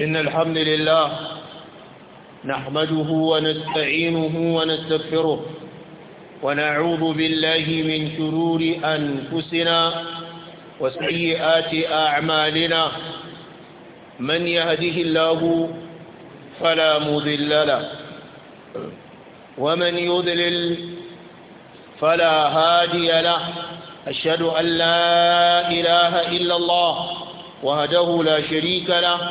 إن الحمد لله نحمده ونستعينه ونستغفره ونعوذ بالله من شرور أنفسنا وسيئات أعمالنا من يهده الله فلا مذل له ومن يذلل فلا هادي له أشهد أن لا إله إلا الله وهده لا شريك له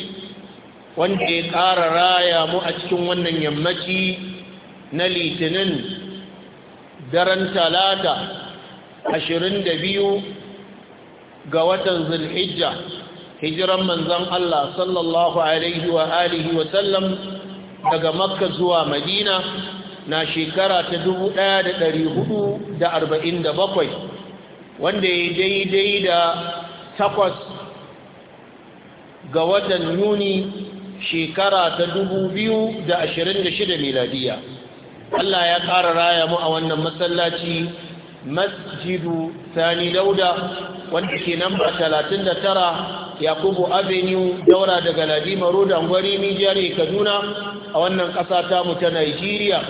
wanda ya ƙara raya mu a cikin wannan yammaci na litinin daren talata ashirin da biyu ga watan zulhijja hijiran manzan Allah sallallahu alaihi wa alihi wa sallam daga makka zuwa madina na shekara ta dubu ɗaya da da da bakwai, wanda ya daidai da takwas ga watan yuni shekara ta da ashirin shida miladiya Allah ya ƙara raya mu a wannan masallaci masjidu sani dauda wanda ke namba tara yakubu avenue daura daga ladima da angwari mijiyar kaduna a wannan ƙasa tamu ta nigeria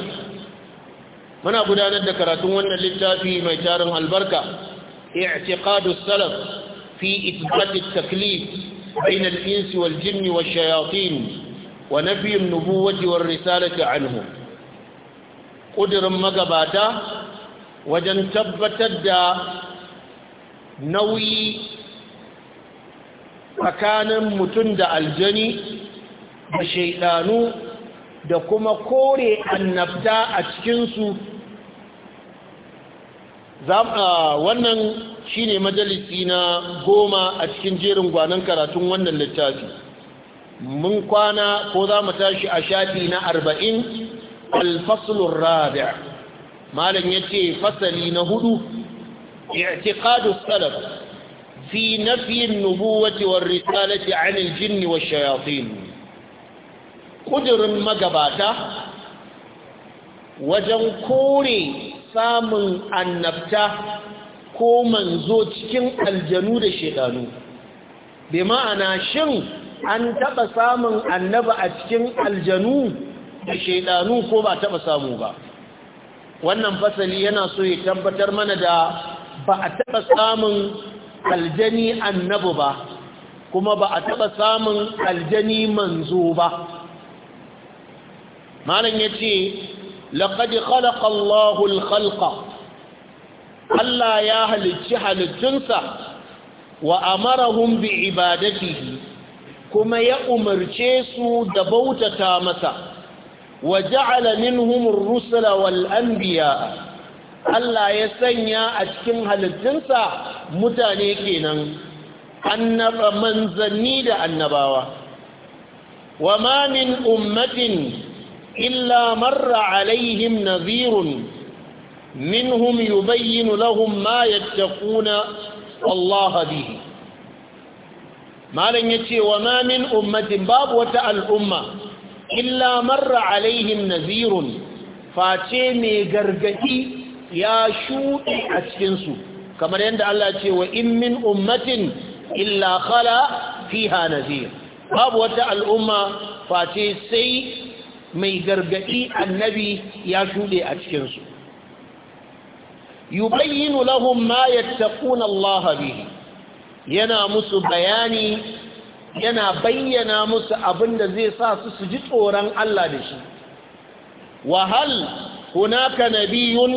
muna gudanar da karatun wannan littafi mai tarin albarka i'tiqadus salaf fi ithbat taklif بين الإنس والجن والشياطين ونفي النبوة والرسالة عنه قدر wajen tabbatar da نوي tsakanin mutum da aljani da shaidanu da kuma kore annabta a cikinsu wannan shine majalisi na goma a cikin jerin gwanon karatun wannan littafi mun kwana ko za mu tashi a shafi na arba'in alfasulun rabi'a malam ya ce fasali na hudu i'tiqadu salaf fi nafiyin nubuwati war risalati anil jinni wa shayatin kudurin magabata wajen kore samun annabta ko manzo cikin aljanu da shedanu bai ma'ana shin an taba samun annaba a cikin aljanu da shedanu ko ba taba samu ba wannan fasali yana so ya tabbatar mana da ba a taba samun aljani annabi ba kuma ba a taba samun aljani manzo ba malam yace laqad khalaqa Allahu al-khalqa Allah ya halicci halittunsa wa amarahum bi ibadatihi kuma ya umarce su da bautata masa wa ja'ala minhum ar-rusula wal anbiya Allah ya sanya a cikin halittunsa mutane kenan annaba manzanni da annabawa wa ma min ummatin illa marra alaihim nadhirun منهم يبين لهم ما يتقون الله به ما لن يتي وما من أمة باب وتاء الأمة إلا مر عليهم نذير فاتيمي قرقتي يا شوء أسكنسو كما يند الله يتي وإن من أمة إلا خلا فيها نذير باب وتاء الأمة فاتي سي مي قرقتي النبي يا شوء أسكنسو yubayyinu lahum ma yattaquna Allah bihi yana musu bayani yana bayyana musu abinda zai sa su su ji tsoron Allah da shi wa hal hunaka nabiyyun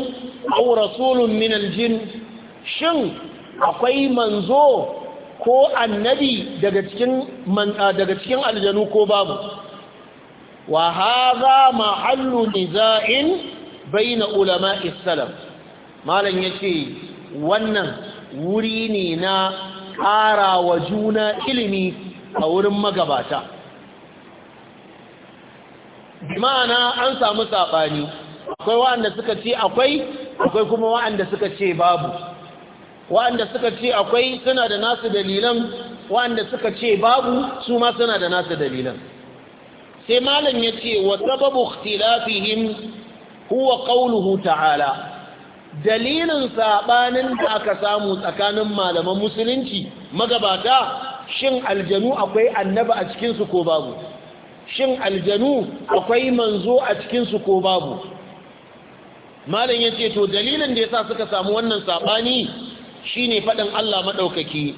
aw rasulun min aljin shin akwai manzo ko annabi daga cikin daga cikin aljanu ko babu wa hadha mahallu niza'in bayna ulama'i salaf malam ya ce wannan wuri ne na ƙara wa juna ilimi a wurin magabata ma'ana an samu saɓani akwai wa'anda suka ce akwai akwai kuma wa'anda suka ce babu wa'anda suka ce akwai suna da nasu dalilan wa'anda suka ce babu su ma suna da nasu dalilan sai malam ya ce wa sababu ikhtilafihim huwa qawluhu ta'ala dalilin saɓanin da aka samu tsakanin malaman musulunci magabata shin aljanu akwai annaba a cikinsu ko babu shin aljanu akwai manzo a cikinsu ko babu malam ya ce to dalilin da ya sa suka samu wannan saɓani shine faɗin Allah maɗaukaki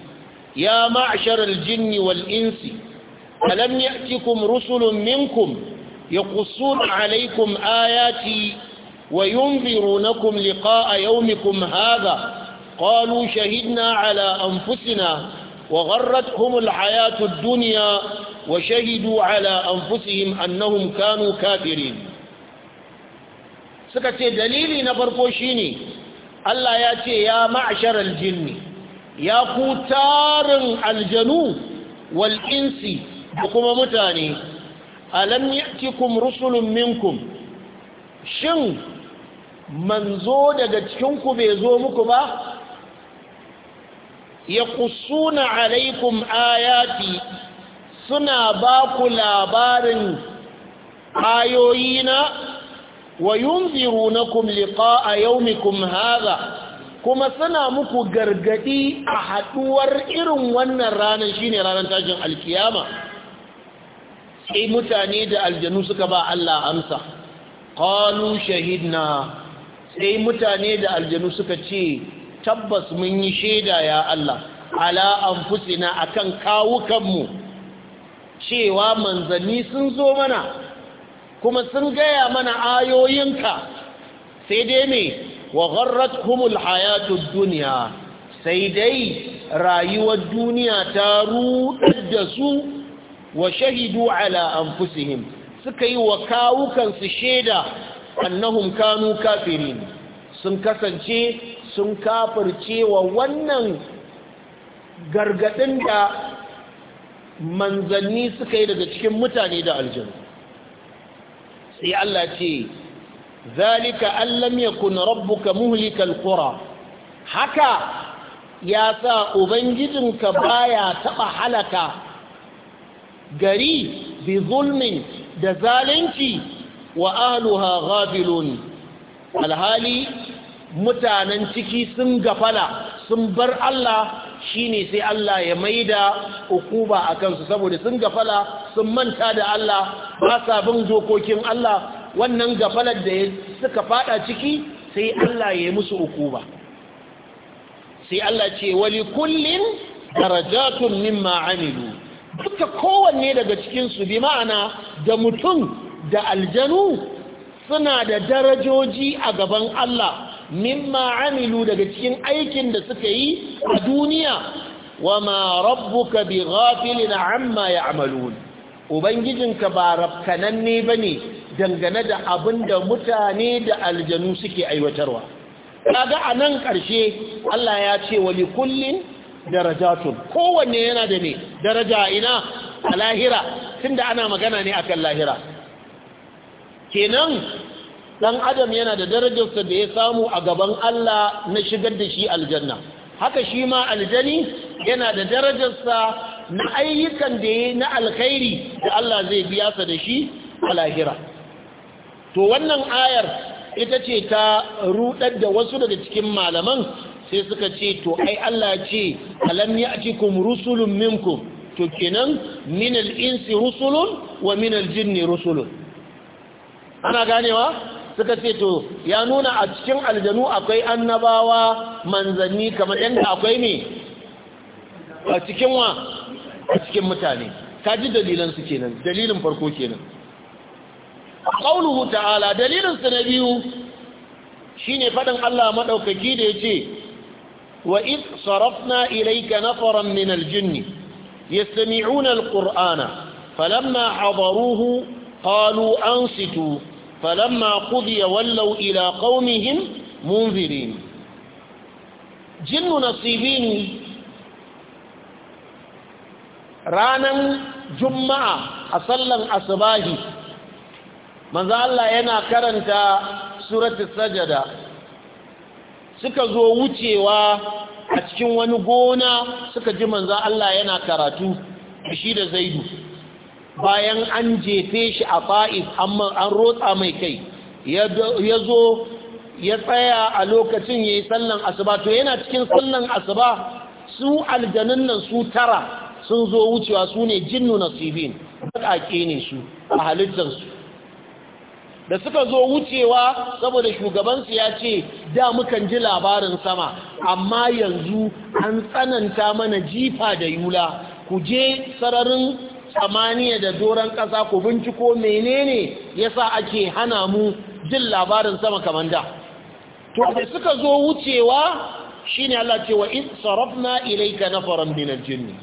ya ma'asharar jinni wal insi alam ya'tikum rusulun minkum yaqussuna alaykum ayati وينذرونكم لقاء يومكم هذا قالوا شهدنا على أنفسنا وغرتهم الحياة الدنيا وشهدوا على أنفسهم أنهم كانوا كافرين سكت دليلي نبرقوشيني ألا ياتي يا معشر الجن يا قتار الجنو والإنس بكم متاني ألم يأتكم رسل منكم شن manzo daga cikinku bai zo muku ba ya kusuna alaikum ayati suna ba ku labarin na wa yunzirunakum liqa'a yawmikum hadha kuma suna muku gargadi a haduwar irin wannan ranar shine ranar tashin alkiyama sai mutane da aljanu suka ba Allah amsa qalu shahidna sai mutane da aljanu suka ce tabbas mun yi shaida ya Allah ala anfusina akan kawukanmu cewa manzanni sun zo mana kuma sun gaya mana ayoyinka sai dai me wa gharratkumul hayatud dunya sai dai rayuwar duniya ta rudar da su wa shahidu ala anfusihim suka yi wa kawukansu shaida annahum kanu kafirin sun kasance sun kafircewa wannan gargadin da manzanni suka yi daga cikin mutane da aljanu sai Allah ce zalika allam yakun rabbuka muhlikal kura. haka ya sa ubangijinka baya taba halaka gari bi zulmin da zalunci wa ahluha ghafilun alhali mutanen ciki sun gafala sun bar Allah shine sai Allah ya maida ukuba a kansu saboda sun gafala sun manta da Allah ba sa bin dokokin Allah wannan gafalar da suka fada ciki sai Allah ya musu ukuba sai Allah ce wali kullin darajatun mimma amilu duka kowanne daga cikin su bi ma'ana da mutum da aljanu suna da darajoji a gaban Allah mimma amilu daga cikin aikin da suka yi a duniya wa ma rabbuka bi ghafilin amma ya'malun ubangijinka ba rabkananne bane dangane da abin da mutane da aljanu suke aiwatarwa kaga anan karshe ƙarshe Allah ya ce wa likullin darajatun kowanne yana da ne daraja ina a lahira tunda ana magana ne akan lahira kenan dan adam yana da darajarsa da ya samu a gaban Allah na shigar da shi aljanna haka shi ma aljani yana da darajarsa na ayyukan da ya na alkhairi da Allah zai biya sa da shi a lahira to wannan ayar ita ce ta rudar da wasu daga cikin malaman sai suka ce to ai Allah ce alam ya'tikum rusulun minkum to kenan minal insi rusulun wa minal jinni rusulun ana ganewa suka ce to ya nuna a cikin aljanu akwai annabawa manzanni kamar yadda akwai ne a cikin wa a cikin mutane ka ji dalilan kenan dalilin farko kenan ƙaunuhu ta'ala dalilinsu na biyu shine faɗin Allah maɗaukaki da yace wa id sarafna ilayka nafaran min aljinn yastami'una alqur'ana falamma hadaruhu qalu ansitu falamma kudiya wallau ila qaumihim munzirin jinnu nasibini ranan juma'a a sallan asbahi Manza Allah yana karanta surati sajada suka zo wucewa a cikin wani gona suka ji manza Allah yana karatu shi da zaidu bayan an jefe shi a fa'is an rotsa mai kai ya zo ya tsaya a lokacin ya yi sallan asuba to yana cikin sallan asuba su aljanun nan su tara sun zo wucewa su ne jinnu nasibin baƙaƙe ne su a halittarsu da suka zo wucewa saboda shugabansu ya ce da mukan ji labarin sama amma yanzu an tsananta mana jifa da yula ku je sararin samaniya da doron ƙasa ku binciko menene yasa ake hana mu jin labarin sama kamar da to da suka zo wucewa shine Allah ce wa in sarafna ilayka nafaran min al jini.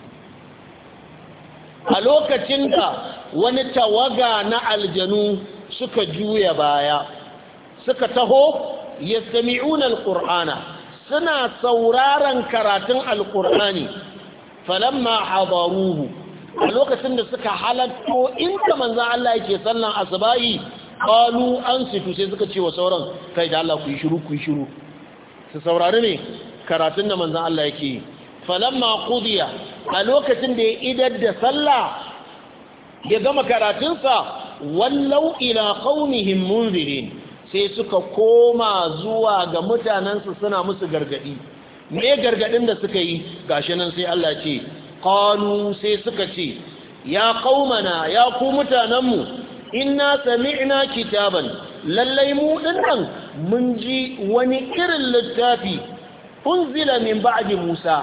a lokacin da wani tawaga na aljanu suka juya baya suka taho sami al suna sauraron karatun al-qur'ani falamma hadaruhu a lokacin da suka halatto inda manzan Allah yake sallan asibayi. kalu an situ sai suka ce wa sauran kai da Allah ku yi shiru ku yi shiru su saurari ne karatun da manzan Allah yake yi falamma kudiya a lokacin da ya idar da sallah ya gama karatunsa wallau ila qaumihim munzirin sai suka koma zuwa ga mutanensu suna musu gargadi me gargadin da suka yi gashi nan sai Allah ce qalu sai suka ce ya qaumana ya ku mutanenmu inna sami'na kitaban lallai mu dinnan mun ji wani irin littafi unzila min ba'di Musa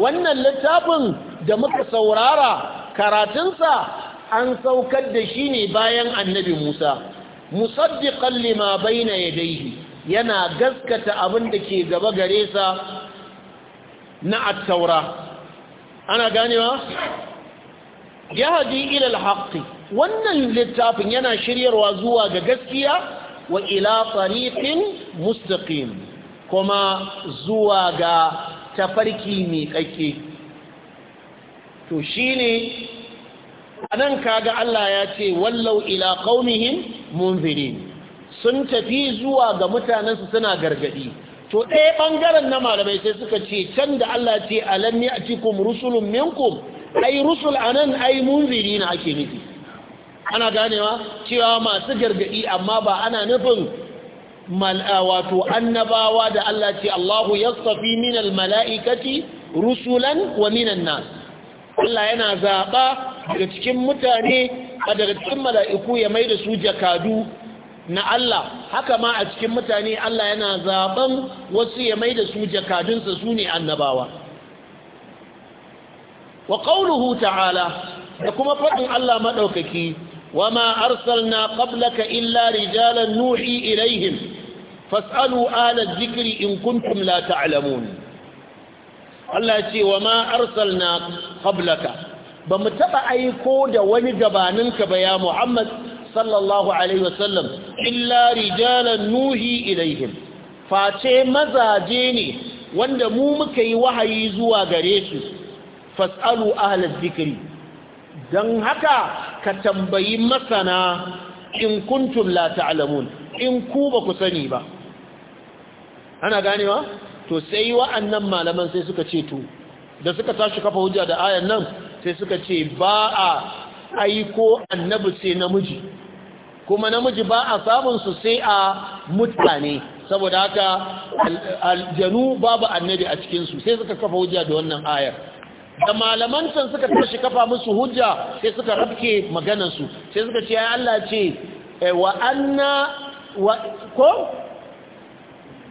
wannan littafin da muka saurara karatunsa an saukar da shi ne bayan annabi Musa musaddiqan lima bayna yadayhi yana gaskata abin da ke gaba gare sa na at ana ganewa yahdi ilal alhaqi wannan littafin yana shiryarwa zuwa ga gaskiya wa ila tariqin mustaqim kuma zuwa ga tafarki mai kakke to shine anan kaga Allah ya ce wallau ila qaumihim munzirin sun tafi zuwa ga mutanensu suna gargadi to ɗaya ɓangaren na malamai sai suka ce can da Allah ce alam ya cikum rusulun minkum ai rusul anan ai munziri na ake nufi ana ganewa cewa masu gargadi amma ba ana nufin wato annabawa da Allah ce Allahu yastafi minal mala'ikati rusulan wa minan nas Allah yana zaba daga cikin mutane a daga cikin mala'iku ya mai da su jakadu na Allah haka ma a cikin mutane Allah yana zaben wasu ya mai da su jakadunsa su ne annabawa wa ƙaunuhu ta'ala da kuma faɗin Allah maɗaukaki wa ma na ƙablaka illa rijalan nuhi ilaihim fas'alu ala zikiri in kuntum la ta'lamun Allah ce wa ma arsalna qablaka ba mu taɓa aiko da wani gabaninka ba ya Muhammad sallallahu alaihi wasallam illa rijalan nuhi ilaihim face mazaje ne wanda mu muka yi wahayi zuwa gare su fasalu ahlaz dan haka ka tambayi masana in kuntum la ta'lamun in ku ba ku sani ba ana ganewa to sai wa'annan malaman sai suka ce to da suka tashi kafa hujja da ayan nan sai suka ce ba a aiko annabi sai namiji kuma namiji ba a samunsu sai a mutane saboda haka aljanu babu annabi a cikinsu sai suka kafa hujja da wannan ayar da malaman can suka tashi kafa musu hujja sai suka rafke maganarsu sai suka ce ya Allah ce eh, ko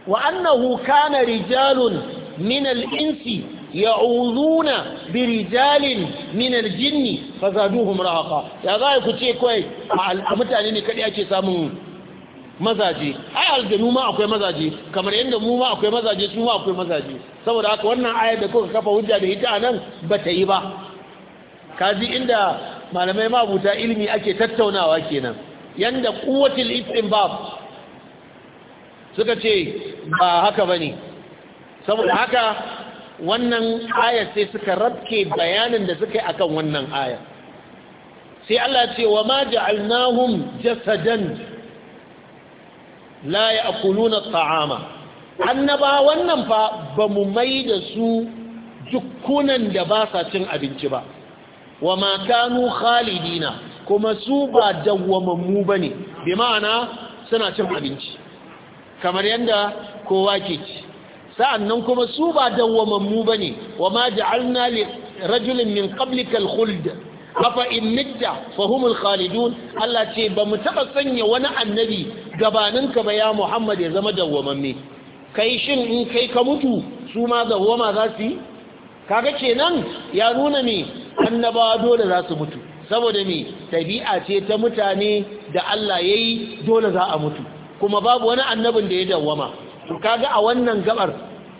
wa annahu kana rijalun min al-insi ya'uduna birijalin rijalin min al-jinn fazaduhum rahaqa ya za ku ce kai a mutane ne kadai ake samun mazaje ai aljanu ma akwai mazaje kamar yadda mu ma akwai mazaje su ma akwai mazaje saboda haka wannan ayar da kuka kafa hujja da ita anan bata yi ba kaji inda malamai mabuta ilimi ake tattaunawa kenan yanda quwwatul istinbab suka ce ba haka bane saboda haka wannan ayar sai suka rabke bayanin da suka yi akan wannan ayar sai Allah ce wa ma ja'alnahum jasadan la ya'kuluna at'ama annaba wannan fa bamu mai da su dukkunan da ba sa cin abinci ba wa ma kanu khalidina kuma su ba dawwamammu bane bi ma'ana suna cin abinci kamar yanda kowa ke ci sa'annan kuma su ba ba bane wa ma ja'alna li rajulin min qablika al-khuld afa in mitta fa khalidun Allah ce ba mu taɓa sanya wani annabi gabaninka ba ya Muhammad ya zama dawwamamme kai shin in kai ka mutu su ma dawwama za su yi kaga kenan ya nuna me annabawa dole za su mutu saboda me tabi'a ce ta mutane da Allah yayi dole za a mutu kuma babu wani annabin da ya dawwama to kaga a wannan gabar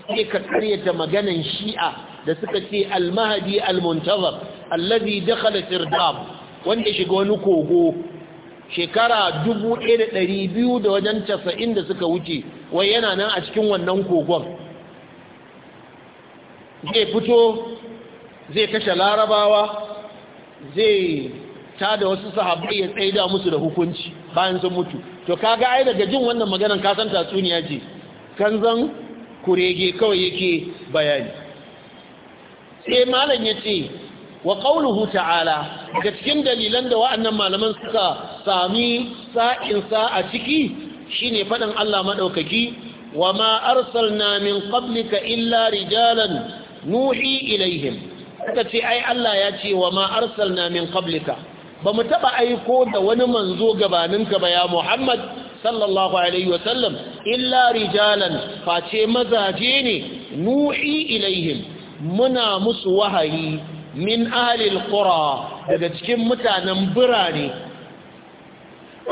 sai ka karyata maganan shi'a da suka ce al-mahdi al-muntazir alladhi dakhala tirdab wanda shiga wani kogo shekara 1200 da wajen 90 da suka wuce wai yana nan a cikin wannan kogon zai fito zai kashe larabawa zai ta da wasu sahabbai ya tsaida musu da hukunci bayan sun mutu to kaga ai daga jin wannan maganar kasan tatsuniya ce kanzan kurege kawai yake bayani sai malam ya ce wa ƙaunuhu ta'ala da cikin dalilan da wa'annan malaman suka sami sa'insa a ciki shine faɗin Allah maɗaukaki wa ma na min qablika illa rijalan nuhi ilaihim suka ce ai Allah ya ce wa ma na min qablika ba mu taɓa aiko da wani manzo gabaninka ba ya Muhammad sallallahu alaihi wasallam illa rijalan face mazaje ne nu'i ilaihim muna musu wahayi min ahlil qura daga cikin mutanen birane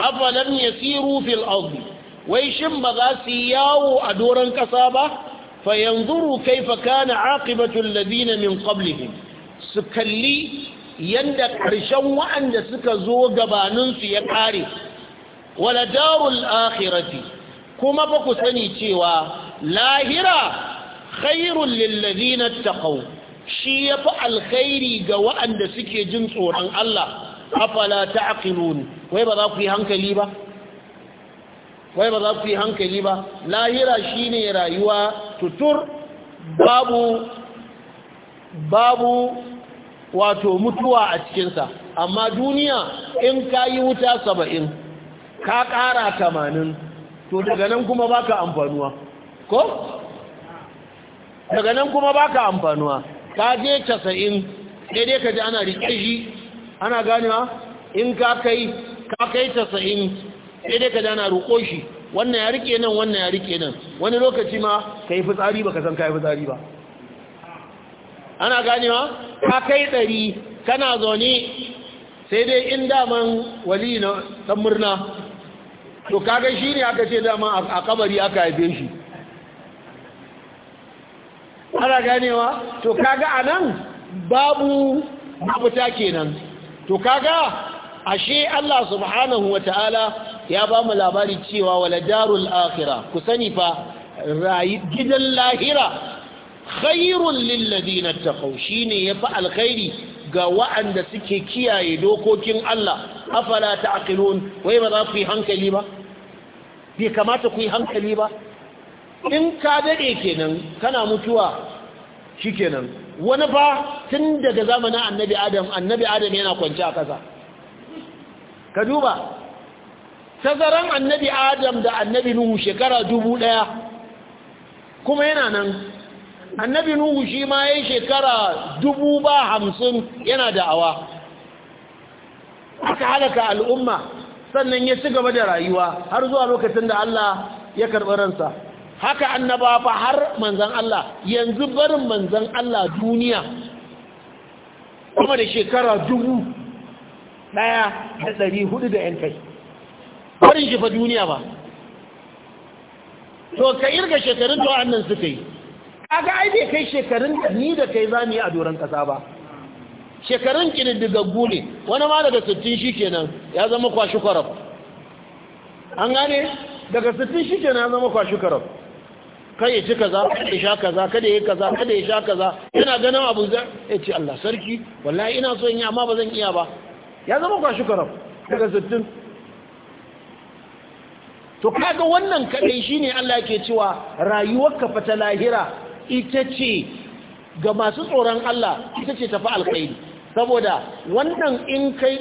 afalan yasiru fil ardi wai shin ba za su yawo a doron kasa ba fayanzuru kaifa kana aqibatu alladhina min qablihim su kalli yanda ƙarshen wa'anda suka zo gabaninsu ya ƙare wala darul akhirati kuma ba ku sani cewa lahira khairun lillazina taqaw shi yafi alkhairi ga waɗanda suke jin tsoron Allah afala ta'qilun wai ba za ku yi hankali ba wai ba za ku yi hankali ba lahira shine rayuwa tutur babu babu wato mutuwa a cikinsa amma duniya in ka yi wuta saba'in ka ƙara tamanin to daga nan kuma baka amfanuwa ko daga nan kuma baka amfanuwa ka je 90 daidai ka ji ana rike shi ana ganewa in ka kai ka kai 90 daidai ka ji ana roƙo shi wannan ya rike nan wannan ya rike nan wani lokaci ma ka yi fitsari ba ka san ka yi fitsari ba ana ganewa ka kai ɗari kana zaune sai dai in daman wali na ɗan murna to kaga shi ne aka ce dama a kabari aka haife shi ana ganewa to kaga a nan babu mafita kenan to kaga ashe Allah subhanahu wa ta'ala ya ba mu labari cewa wala darul akhira ku sani fa gidan lahira khairun lilladina taqaw shine yafi alkhairi ga wa'anda suke kiyaye dokokin Allah afala ta'qilun wai ba za ku yi hankali ba bai kamata ku yi hankali ba in ka daɗe kenan kana mutuwa shi kenan wani ba tun daga zamanin annabi adam annabi adam yana kwanci a ƙasa ka duba tazaran annabi adam da annabi nuhu shekara dubu ɗaya kuma yana nan annabi nuhu shi ma ya shekara dubu ba hamsin yana da'awa aka halaka al'umma sannan ya ci gaba da rayuwa har zuwa lokacin da Allah ya karɓi ransa haka annaba fa har manzan Allah yanzu barin manzan Allah duniya kuma da shekara dubu ɗaya da ɗari hudu da ‘yan kai barin shi fa duniya ba to ka irga shekarun to annan suka yi kaga ai bai kai shekarun da ni da kai za mu yi a doron ƙasa ba shekarun ƙididdigaggu ne wani ma daga sittin shi kenan ya zama kwashi kwaraf an gane daga sittin shi kenan ya zama kwashi kwaraf kai ya ci kaza kada ya sha kaza kada ya kaza kada ya sha kaza yana ganin abu zai ya ce Allah sarki wallahi ina so yi amma ba zan iya ba ya zama kwashi kwaraf daga sittin to kaga wannan kadai shine Allah ke cewa rayuwarka fa ta lahira ita ce ga masu tsoron Allah ita ce tafi alkhairi saboda wannan in kai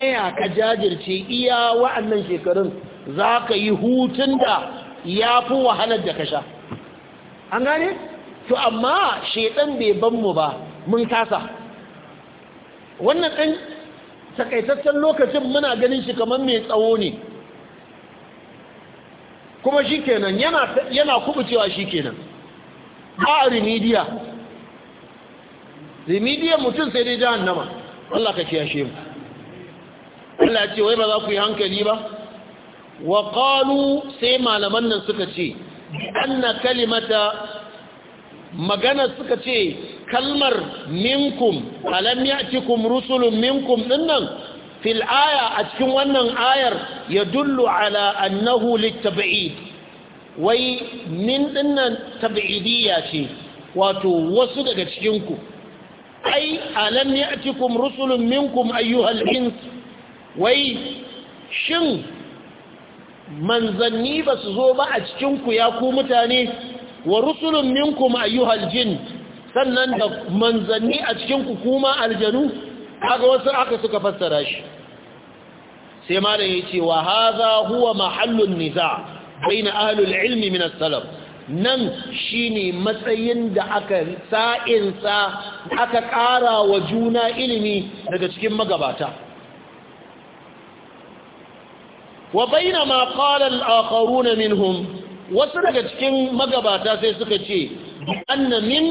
ɗaya ka jajirce iya wa'annan shekarun za ka yi hutun da ya fi wahalar da ka sha an gane? to amma shaidan bai ban mu ba mun kasa wannan ɗan takaitaccen lokacin muna ganin shi kamar mai tsawo ne kuma shi kenan yana kubucewa shi kenan ba a remediya remedial mutum sai dai jahannama Allah ka kiyashe mu Allah ce wai ba za ku yi hankali ba wa qalu sai malaman nan suka ce anna kalimata magana suka ce kalmar minkum alam ya'tikum rusulun minkum dinnan fil aya a cikin wannan ayar yadullu ala annahu litab'id wai min dinnan tab'idiyya ce wato wasu daga cikin ku ai alam ya'tikum rusulun minkum ayyuhal ins wai shin manzanni ba su zo ba a cikin ku ya ku mutane wa rusulun minkum ayyuhal jin sannan da manzanni a cikin ku kuma aljanu kaga wasu aka suka fassara shi sai malam yace wa hadha huwa mahallun niza' baina ahlul ilmi min as-salaf nan shine matsayin da aka sa'insa aka ƙara wa juna ilimi daga cikin magabata wa baina ma qala al-akharuna minhum wasu daga cikin magabata sai suka ce anna min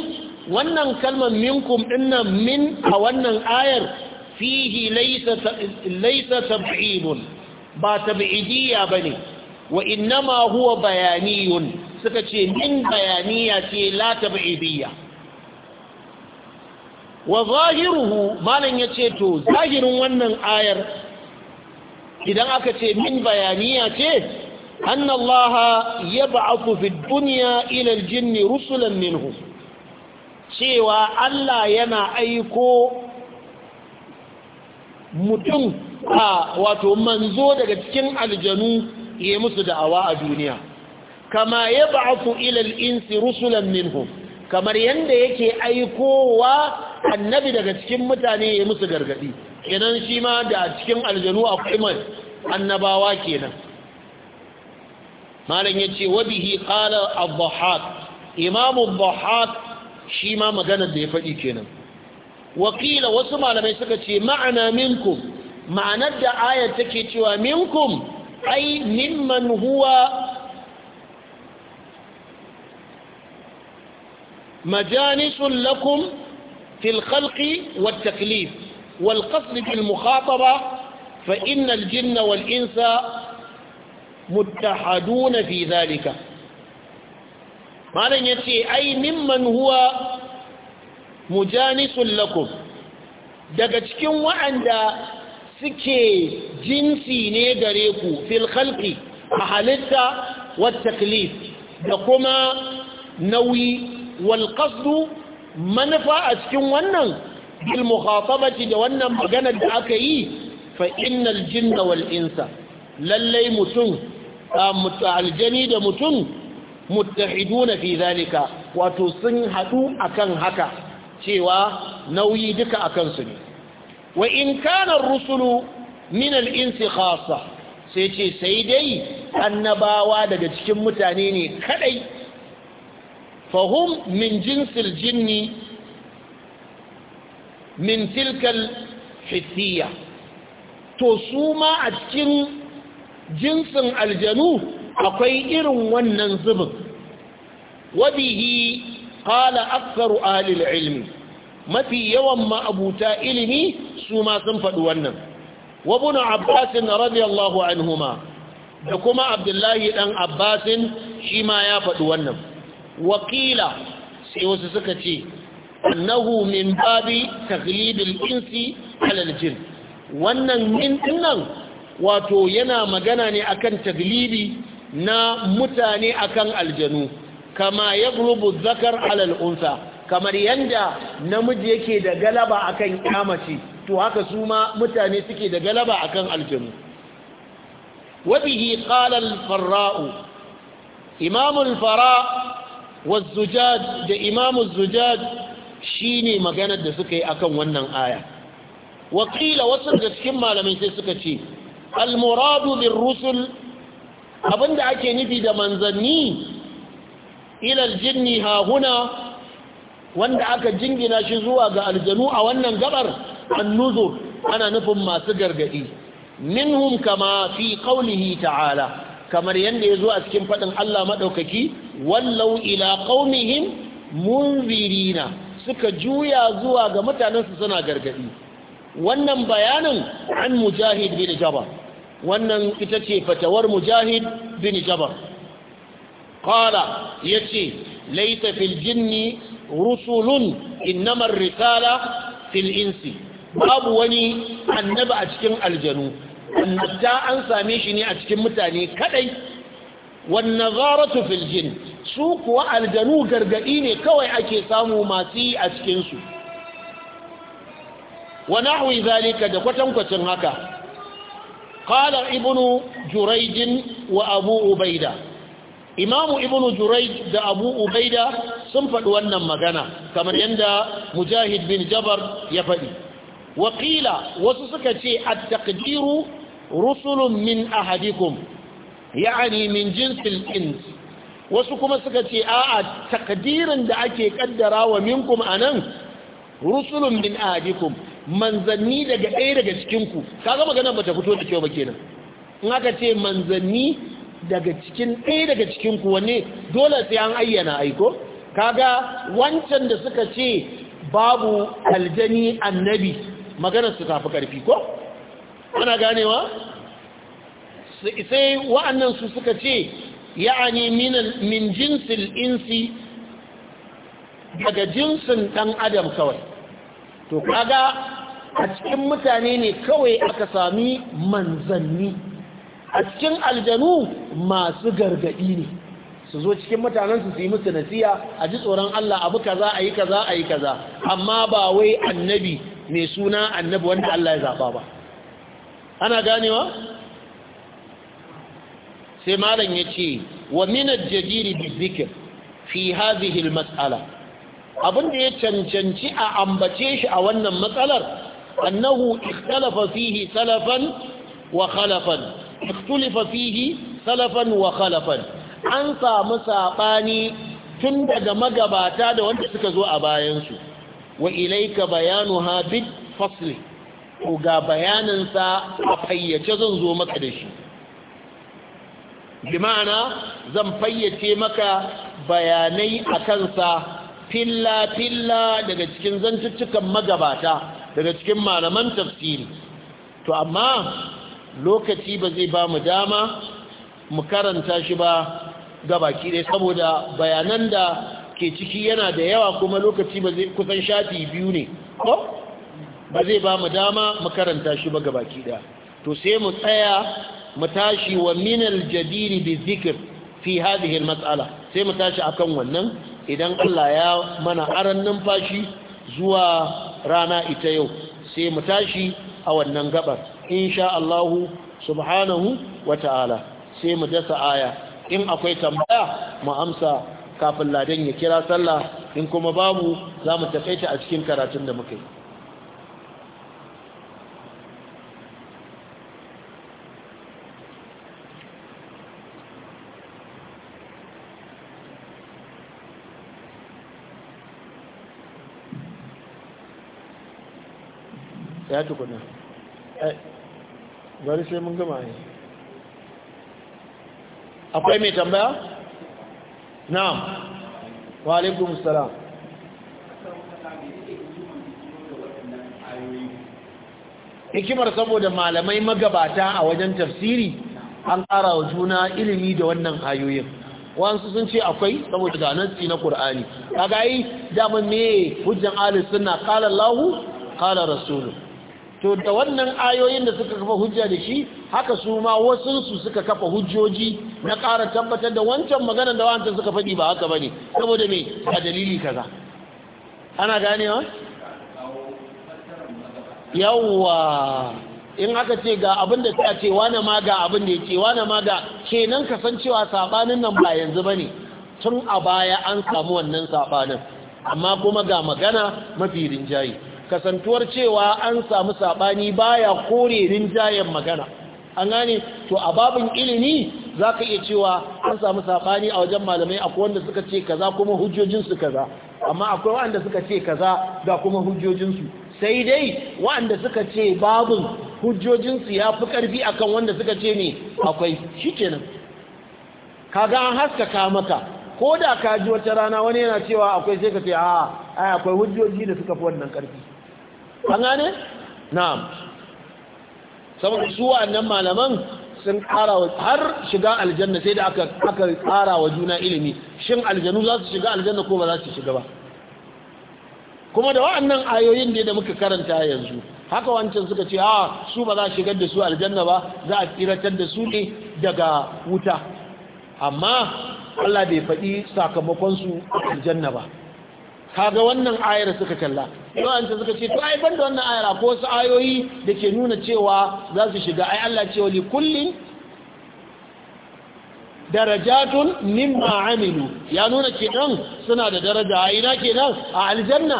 wannan kalmar minkum inna min a wannan ayar fihi laysa laysa tab'idun ba tab'idiyya bane wa innama huwa bayaniyun suka ce min bayaniya ce la tab'idiyya wa zahiruhu malan yace to zahirin wannan ayar idan aka ce min bayaniya ce anna allaha yab'athu fid dunya ila al rusulan minhu cewa Allah yana aiko mutum a wato manzo daga cikin aljanu ya musu da'awa a duniya kama ya ila ilal insi rusulan minhum kamar yanda yake aikowa annabi daga cikin mutane ya musu gargadi kenan shi ma da cikin aljanu a man annabawa kenan malam yace wa bihi kala ad-dhahhak Imamu ad shi ma maganar da ya faɗi kenan wakila wasu malamai suka ce ma'ana minkum ma'anar da ayar take cewa minkum ai mimman huwa مجانس لكم في الخلق والتكليف والقصد في المخاطبة فإن الجن والإنس متحدون في ذلك ماذا يتي أي ممن هو مجانس لكم daga وعند سكي جنسي jinsi في الخلق ku والتكليف khalqi نوي walƙasdu manufa a cikin wannan ilmukhatabaci da wannan maganar da aka yi fa innal jinna wal lallai mutum a aljani da mutum muttahiduna fi zalika wato sun haɗu akan haka cewa nauyi duka akansu ne wa in kana rusulu min al insi khassa sai ce sai dai annabawa daga cikin mutane ne kadai fahum min jinsil jinni min tilkal hissiya to su ma a cikin jinsin aljanu akwai irin wannan zubin wabihi qala aktharu ahli ilmi mafi yawan ma'abuta ilimi su ma sun faɗi wannan wa Abbasin abbas radiyallahu anhuma da kuma abdullahi dan abbasin shi ma ya faɗi wannan wakila sai wasu suka ce annahu min babi insi alal wannan min dinnan wato yana magana ne akan taglibi na mutane akan aljanu kama yaghlubu dhakar alal unsa kamar yanda namiji yake da galaba akan kyamaci to haka su ma mutane suke da galaba akan aljanu wabihi qala al-farra'u imam al-fara' والزجاج ده إمام الزجاج شيني مغانا ده سكي أكم ونن آية وقيل وصل ده سكما لمن سكتي المراد بالرسل أبن ده أكي نفي ده منزني إلى الجن ها هنا وان ده أكا جنجنا شزوا ده الجنوع ونن قبر النذر أنا نفهم ما سجر قئي منهم كما في قوله تعالى kamar yadda ya zo a cikin faɗin Allah maɗaukaki wallau ila ƙaunihin munzirina suka juya zuwa ga mutanensu suna gargadi wannan bayanin an mujahid bin jabal wannan ita ce fatawar mujahid bin jabal ya ce laita fil jinni rusulun innamar risala fil insi babu wani annaba a cikin aljanu ta an same shi ne a cikin mutane kadai wannan zaratu Filjin su kuwa aljanu gargadi ne kawai ake samu masu yi a cikinsu wani hawi zalika da kwatankwacin haka ƙalar ibnu juraijin wa abu ubaida imamu ibnu juraij da abu ubaida sun faɗi wannan magana kamar yadda mujahid bin jabar ya faɗi wakila wasu suka ce a takdiru rusulun min ahadikum ya'ani min jinsil ins wasu kuma suka ce a'a takdirin da ake kaddara wa minkum anan rusulun min ahadikum manzanni daga ɗaya daga cikinku kaga maganar bata fito da kyau ba kenan in aka ce manzanni daga cikin ɗaya daga cikinku wanne dole sai an ayyana aiko kaga wancan da suka ce babu aljani annabi maganar su tafi karfi ko ana ganewa sai wa'annan su suka ce ya'ani min jinsin insi daga jinsin ɗan adam kawai to kaga a cikin mutane ne kawai aka sami manzanni a cikin aljanu masu gargaɗi ne su zo cikin mutanensu su yi musu nasiya a ji tsoron Allah abu kaza a yi kaza a yi kaza amma ba wai annabi mai suna annabi wanda Allah ya zaɓa ba ana ganewa sai malam ya ce wa minar jajiri bi zikir fi hazihil matsala abinda ya cancanci a ambace shi a wannan matsalar annahu ikhtalafa fihi salafan wa khalafan ikhtalafa fihi salafan wa khalafan an samu saɓani tun daga magabata da wanda suka zo a bayansu wa ilaika ha bid fasli ko ga bayaninsa a fayyace zan zo maka da shi Limana zan fayyace maka bayanai a kansa filla-filla daga cikin zantuttukan magabata daga cikin malaman tafsiri to amma lokaci ba zai ba mu dama mu karanta shi ba gabaki ɗaya saboda bayanan da ke ciki yana da yawa kuma lokaci ba zai kusan shafi biyu ne ko? ba zai ba mu dama mu karanta shi ba ga baki da. to sai mu tsaya mu tashi wa minal jadiri bi zikr fi hadhihi al mas'ala sai mu tashi akan wannan idan Allah ya mana aran numfashi zuwa rana ita yau sai mu tashi a wannan gabar insha Allah subhanahu wata'ala sai mu dasa aya in akwai tambaya mu amsa kafin ladan ya kira sallah in kuma babu za mu tafaita a cikin karatun da muka yi ya tukuna eh, bari sai mun gama ne akwai mai tambaya? na'am wa alaikum salam hikimar saboda malamai magabata a wajen tafsiri an ƙara wa juna ilimi da wannan ayoyin wasu sun ce akwai saboda gananci na ƙur'ani a gayi damar me hujjan alis suna ƙalar lahu ƙalar rasulun to da wannan ayoyin da suka kafa hujja da shi haka su ma su suka kafa hujjoji na ƙara tabbatar da wancan magana da wancan suka faɗi ba haka ba saboda me a dalili kaza ana ganewa? yawwa in aka ce ga abin da ta ce wane ma ga abin da ya ce wane ma ga kenan kasancewa saɓanin nan ba yanzu ba ne tun a baya an samu wannan saɓanin amma kuma ga magana mafi rinjaye kasantuwar cewa an samu saɓani baya kore rinjayen magana an gane to a babin ilimi za ka iya cewa an samu saɓani a wajen malamai akwai wanda suka ce kaza kuma hujjojinsu kaza amma akwai wanda suka ce kaza ga kuma hujjojinsu sai dai wanda suka ce babin hujjojinsu ya fi ƙarfi akan wanda suka ce ne akwai shi kenan kaga an haskaka maka ko da ka ji wata rana wani yana cewa akwai sai ka ce a akwai hujjoji da suka fi wannan karfi an gane? na'am saboda su wa'annan malaman sun kara har shiga aljanna sai da aka ƙara wa juna ilimi shin aljanu za su shiga aljanna ko ba za su shiga ba kuma da wa'annan ayoyin ne da muka karanta yanzu haka wancan suka ce a ah, su ba za shigar da su aljanna ba za a tsiratar da su ne daga wuta amma Allah bai faɗi sakamakonsu aljanna ba kaga wannan ayar suka kalla yawanci suka ce to ai ban da wannan ayar ko wasu ayoyi da ke nuna cewa za su shiga ai Allah ce wali kullin darajatun mimma amilu ya nuna ke dan suna da daraja a ina kenan a aljanna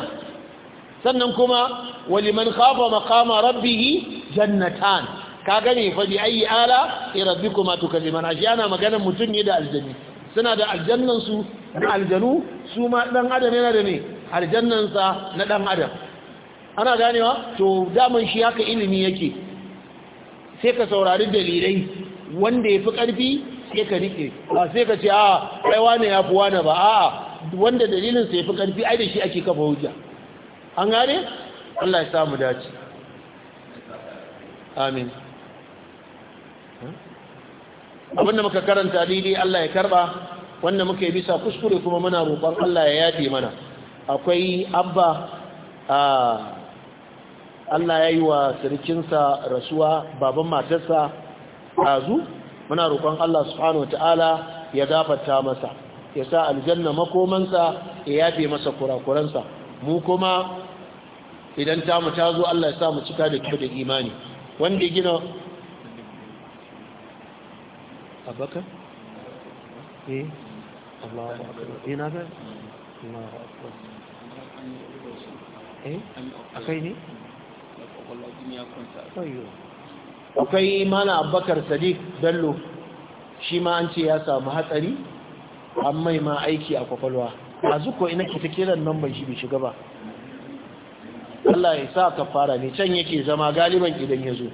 sannan kuma wali man khafa maqama rabbih jannatan kaga ne fa bi ayi ala rabbikuma tukalliman ashe ana maganar mutun ne da aljanni suna da aljannan su da aljanu su ma ɗan adam yana da ne aljannansa na ɗan adam ana ganewa to daman shi haka ilimi yake sai ka saurari dalilai wanda ya fi ƙarfi sai ka rike ba sai ka ce a raiwa ne ya fi wane ba a wanda dalilinsa ya fi ƙarfi ai da shi ake kafa hujja an gane Allah ya samu dace amin abinda muka karanta daidai Allah ya karɓa. wanda muka yi bisa kuskure kuma muna roƙon Allah ya yafe mana akwai abba a Allah ya yi wa sirkinsa rasuwa baban matarsa azu muna roƙon Allah subhanahu ta'ala ya gafata masa ya sa aljanna makomansa ya yafe masa kurakuransa mu kuma idan mu ta zo Allah ya sa mu cika da kyau da imani wanda gina abaka eh akwai mana abbakar sadiq bello shima an ce ya samu hatsari an mai ma aiki a kwakwalwa a zuko ina ki ta kiran nan bai shi bai shiga ba Allah ya sa ka fara ne can yake zama galiban idan ya zo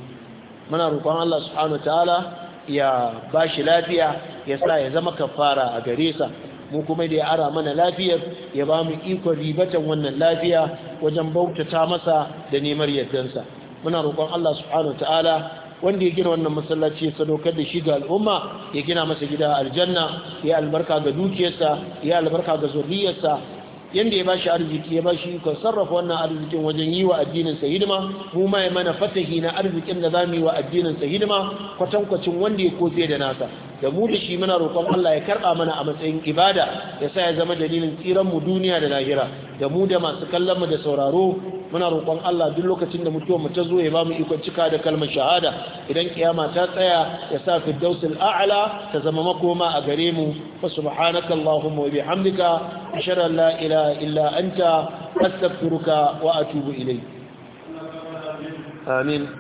muna roƙon Allah subhanahu ta'ala ya ba shi lafiya ya sa ya zama kafara a gare sa mu kuma da ya ara mana lafiyar ya ba mu ikon ribatan wannan lafiya wajen bautata masa da neman yardansa muna roƙon Allah subhanahu ta'ala wanda ya gina wannan masallaci ya sadaukar da shi ga al'umma ya gina masa gida aljanna ya albarka ga dukiyarsa ya albarka ga zuriyarsa yanda ya bashi arziki ya bashi ikon sarrafa wannan arzikin wajen yi wa addinin sa hidima mu ma ya mana fatahi na arzikin da zamu yi wa addinin sa hidima kwatankwacin wanda ya kofe da nasa da mu da shi muna roƙon Allah ya karɓa mana a matsayin ibada ya sa ya zama dalilin tsiran mu duniya da lahira da mu da masu kallon mu da sauraro muna roƙon Allah duk lokacin da mutuwar mu ta zo ya ba mu ikon cika da kalmar shahada idan kiyama ta tsaya ya sa firdausul a'la ta zama makoma a gare mu fa subhanaka allahumma wa bihamdika ashhadu an la ilaha illa anta astaghfiruka wa atubu ilayk amin